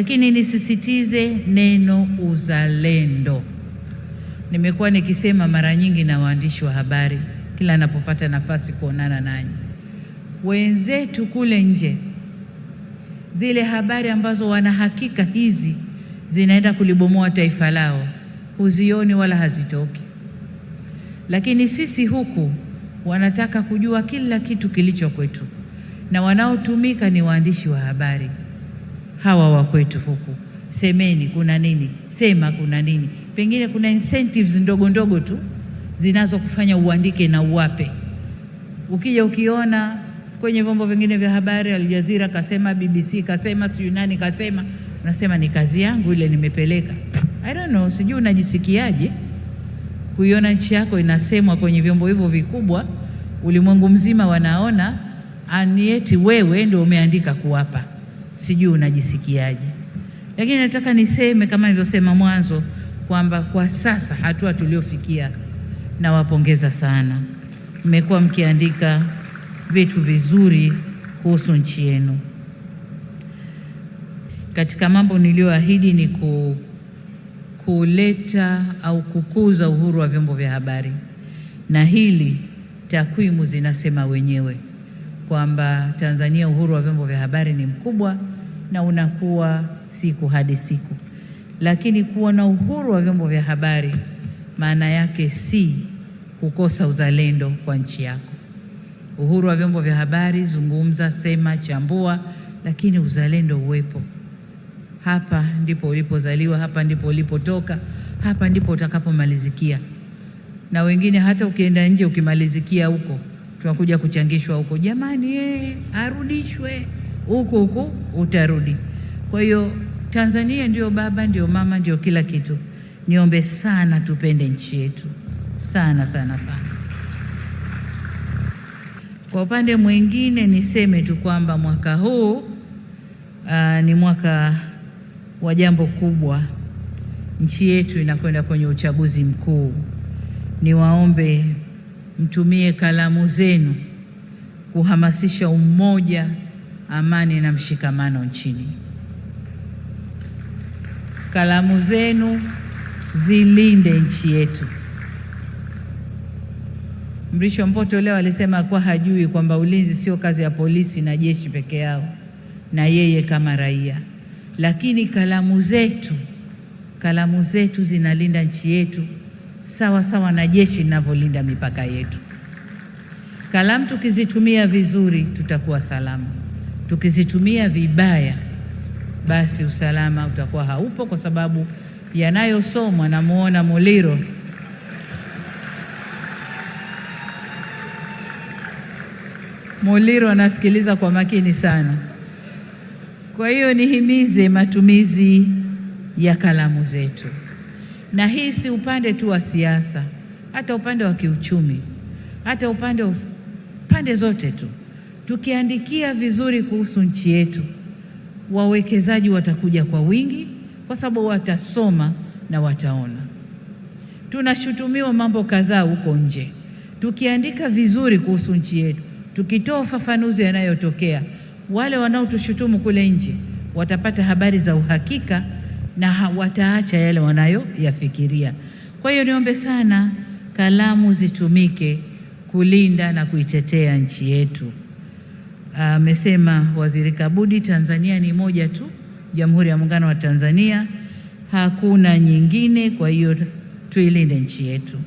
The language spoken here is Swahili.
Lakini nisisitize neno uzalendo. Nimekuwa nikisema mara nyingi na waandishi wa habari kila anapopata nafasi kuonana nanyi, wenzetu kule nje, zile habari ambazo wanahakika hizi zinaenda kulibomoa taifa lao huzioni wala hazitoki, lakini sisi huku wanataka kujua kila kitu kilicho kwetu, na wanaotumika ni waandishi wa habari hawa wa kwetu huku, semeni kuna nini, sema kuna nini. Pengine kuna incentives ndogo ndogo tu zinazokufanya uandike na uwape. Ukija ukiona kwenye vyombo vingine vya habari, Aljazira kasema, BBC kasema, sijui nani kasema, unasema ni kazi yangu ile, nimepeleka. I don't know, sijui unajisikiaje kuiona nchi yako inasemwa kwenye vyombo hivyo vikubwa, ulimwengu mzima wanaona, anieti wewe ndio umeandika kuwapa sijui unajisikiaje, lakini nataka niseme kama nilivyosema mwanzo kwamba kwa sasa hatua tuliofikia, nawapongeza sana. Mmekuwa mkiandika vitu vizuri kuhusu nchi yenu. Katika mambo niliyoahidi ni ku, kuleta au kukuza uhuru wa vyombo vya habari, na hili takwimu zinasema wenyewe kwamba Tanzania uhuru wa vyombo vya habari ni mkubwa na unakuwa siku hadi siku, lakini kuwa na uhuru wa vyombo vya habari maana yake si kukosa uzalendo kwa nchi yako. Uhuru wa vyombo vya habari, zungumza, sema, chambua, lakini uzalendo uwepo. Hapa ndipo ulipozaliwa, hapa ndipo ulipotoka, hapa ndipo utakapomalizikia, na wengine hata ukienda nje ukimalizikia huko tunakuja kuchangishwa huko, jamani ye, eh, arudishwe huku huku utarudi. Kwa hiyo Tanzania ndio baba, ndio mama, ndio kila kitu. Niombe sana tupende nchi yetu sana sana sana. Kwa upande mwingine niseme tu kwamba mwaka huu aa, ah, ni mwaka wa jambo kubwa. Nchi yetu inakwenda kwenye uchaguzi mkuu. Niwaombe mtumie kalamu zenu kuhamasisha umoja, amani na mshikamano nchini. Kalamu zenu zilinde nchi yetu. Mrisho Mpoto leo alisema kuwa hajui kwamba ulinzi sio kazi ya polisi na jeshi peke yao, na yeye kama raia. Lakini kalamu zetu, kalamu zetu zinalinda nchi yetu sawa sawa na jeshi linavyolinda mipaka yetu. Kalamu tukizitumia vizuri, tutakuwa salama. Tukizitumia vibaya, basi usalama utakuwa haupo, kwa sababu yanayosomwa, namuona Muliro Muliro anasikiliza kwa makini sana. Kwa hiyo nihimize matumizi ya kalamu zetu na hii si upande tu wa siasa, hata upande wa kiuchumi, hata upande pande zote tu. Tukiandikia vizuri kuhusu nchi yetu, wawekezaji watakuja kwa wingi, kwa sababu watasoma na wataona. Tunashutumiwa mambo kadhaa huko nje. Tukiandika vizuri kuhusu nchi yetu, tukitoa ufafanuzi yanayotokea, wale wanaotushutumu kule nje watapata habari za uhakika na wataacha yale wanayoyafikiria. Kwa hiyo niombe sana kalamu zitumike kulinda na kuitetea nchi yetu. Amesema Waziri Kabudi, Tanzania ni moja tu, Jamhuri ya Muungano wa Tanzania, hakuna nyingine. Kwa hiyo tuilinde nchi yetu.